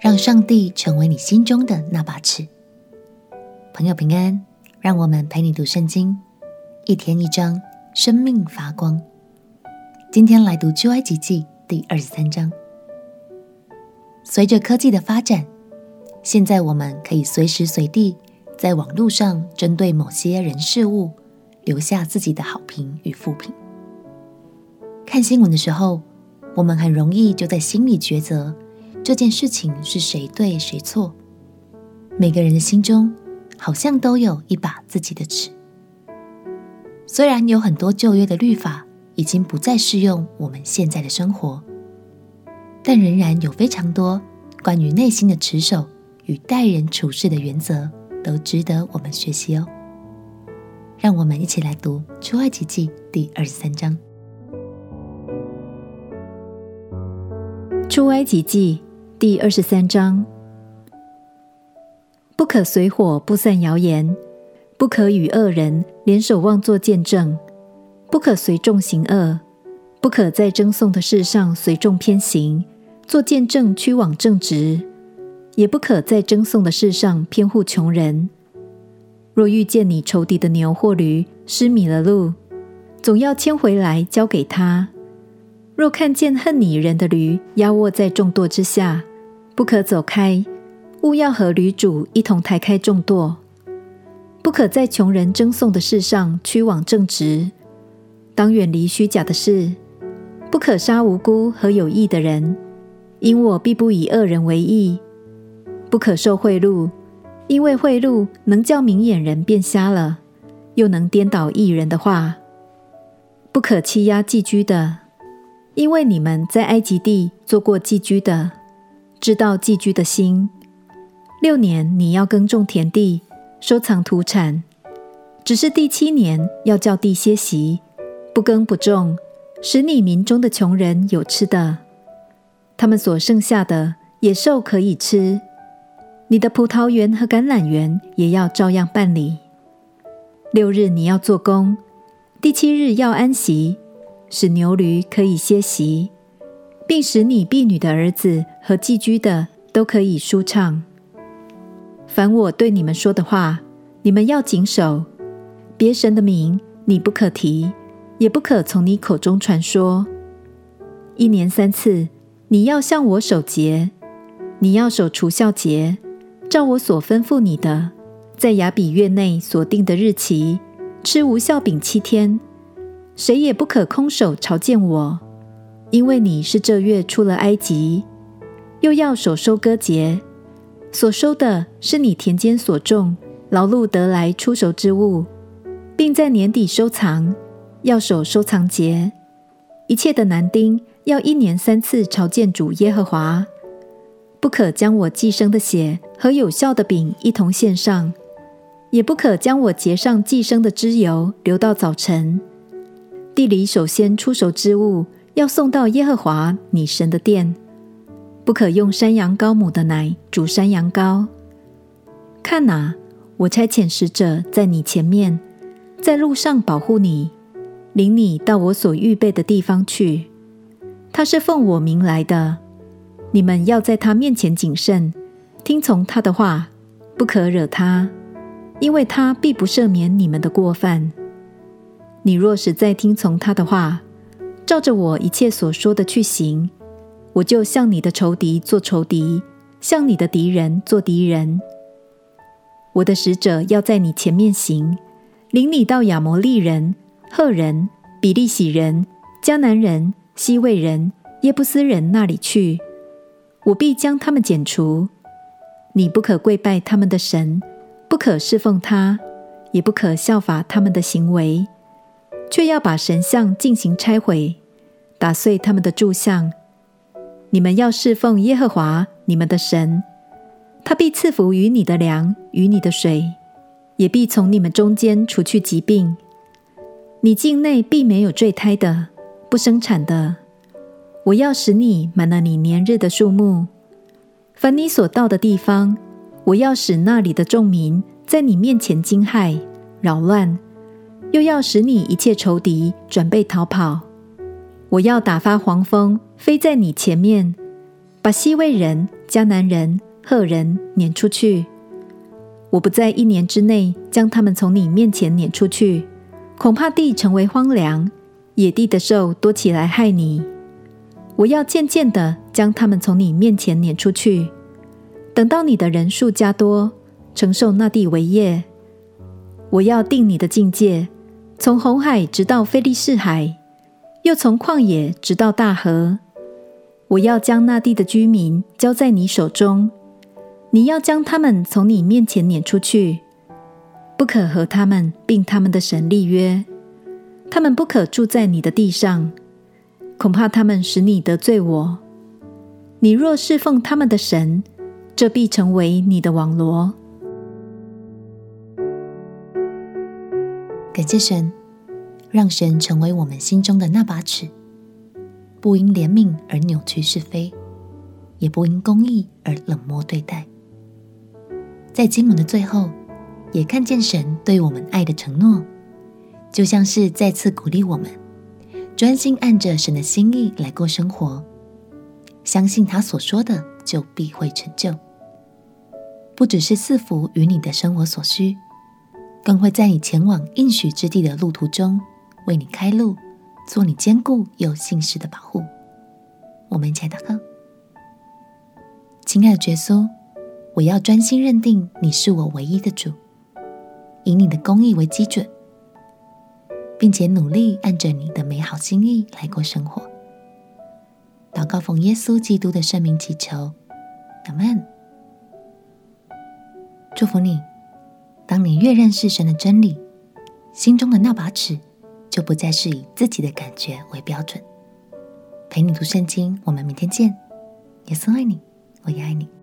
讓上帝成為你心中的那把尺，朋友平安。讓我們陪你讀聖經，一天一章，生命發光。今天來讀出埃及記第二十三章。隨着科技的發展，現在我們可以隨時隨地在網絡上針對某些人事物留下自己的好評與負評。看新聞的時候，我們很容易就在心裡抉擇。這件事情是誰對誰錯？每個人的心中好像都有一把自己的尺。雖然有很多舊約的律法已經不再適用我們現在的生活，但仍然有非常多關於內心的持守與待人處事的原則，都值得我們學習哦。讓我們一起來讀《出埃及記》第二十三章，《出埃及記》。第二十三章，不可隨夥佈散謠言，不可與惡人聯手妄作見證，不可隨眾行惡，不可在爭訟的事上隨眾偏行作見證屈枉正直，也不可在爭訟的事上偏護窮人。若遇見你仇敵的牛或驢失迷了路，總要牽回來交給他。若看見恨你人的驢壓臥在重馱之下，不可走開，務要和驢主一同抬開重馱。不可在窮人爭訟的事上屈枉正直，當遠離虛假的事。不可殺無辜和有義的人，因我必不以惡人為義。不可受賄賂，因為賄賂能叫明眼人變瞎了，又能顛倒義人的話。不可欺壓寄居的，因為你們在埃及地做過寄居的。知道寄居的心。六年你要耕種田地，收藏土產；只是第七年要叫地歇息，不耕不種，使你民中的窮人有吃的。他們所剩下的野獸可以吃。你的葡萄園和橄欖園也要照樣辦理。六日你要做工，第七日要安息，使牛驢可以歇息。並使你婢女的兒子和寄居的都可以舒暢。凡我對你們說的話，你們要謹守。別神的名，你不可提，也不可從你口中傳說。一年三次，你要向我守節，你要守除酵節，照我所吩咐你的，在亞筆月內所定的日期，吃無酵餅七天。誰也不可空手朝見我。因為你是這月出了埃及。又要守收割節，所收的是你田間所種、勞碌得來初熟之物。並在年底收藏，要守收藏節。一切的男丁要一年三次朝見主耶和華。不可將我祭牲的血和有酵的餅一同獻上，也不可將我節上祭牲的脂油留到早晨。地裡首先初熟之物，要送到耶和華你神的殿，不可用山羊羔母的奶煮山羊羔。看哪，我差遣使者在你前面，在路上保護你，領你到我所預備的地方去。他是奉我名來的，你們要在他面前謹慎，聽從他的話，不可惹他，因為他必不赦免你們的過犯。你若是再聽從他的話，照着我一切所說的去行，我就向你的仇敵做仇敵，向你的敵人做敵人。我的使者要在你前面行，領你到亞摩利人、赫人、比利洗人、迦南人、希未人、耶布斯人那裡去，我必將他們剪除。你不可跪拜他們的神，不可侍奉他，也不可效法他們的行為。卻要把神像進行拆毀，打碎他們的柱像。你們要侍奉耶和華你們的神，他必賜福於你的糧與你的水，也必從你們中間除去疾病。你境內必沒有墜胎的、不生產的。我要使你滿了你年日的數目。凡你所到的地方，我要使那裡的眾民在你面前驚駭、擾亂。又要使你一切仇敵準備逃跑，我要打發黃蜂飛在你前面，把希未人、迦南人、赫人攆出去。我不在一年之內將他們從你面前攆出去，恐怕地成為荒涼，野地的獸多起來害你。我要漸漸的將他們從你面前攆出去，等到你的人數加多，承受那地為業，我要定你的境界。從紅海直到非利士海，又從曠野直到大河，我要將那地的居民交在你手中。你要將他們從你面前攆出去，不可和他們並他們的神立約。他們不可住在你的地上，恐怕他們使你得罪我。你若侍奉他們的神，這必成為你的網羅。感謝神，讓神成為我們心中的那把尺，不因憐憫而扭曲是非，也不因公義而冷漠對待。在經文的最後，也看見神對我們愛的承諾，就像是再次鼓勵我們，專心按着神的心意來過生活，相信他所說的，就必會成就，不只是賜福於你的生活所需，更會在你前往應許之地的路途中，為你開路，做你堅固又信實的保護。我們一起來禱告。親愛的耶穌，我要專心認定你是我唯一的主，以你的公義為基準，並且努力按着你的美好心意來過生活。禱告奉耶穌基督的聖名祈求，阿門。祝福你。當你越認識神的真理，心中的那把尺就不再是以自己的感覺為標準。陪你讀聖經，我們明天見。耶穌愛你，我也愛你。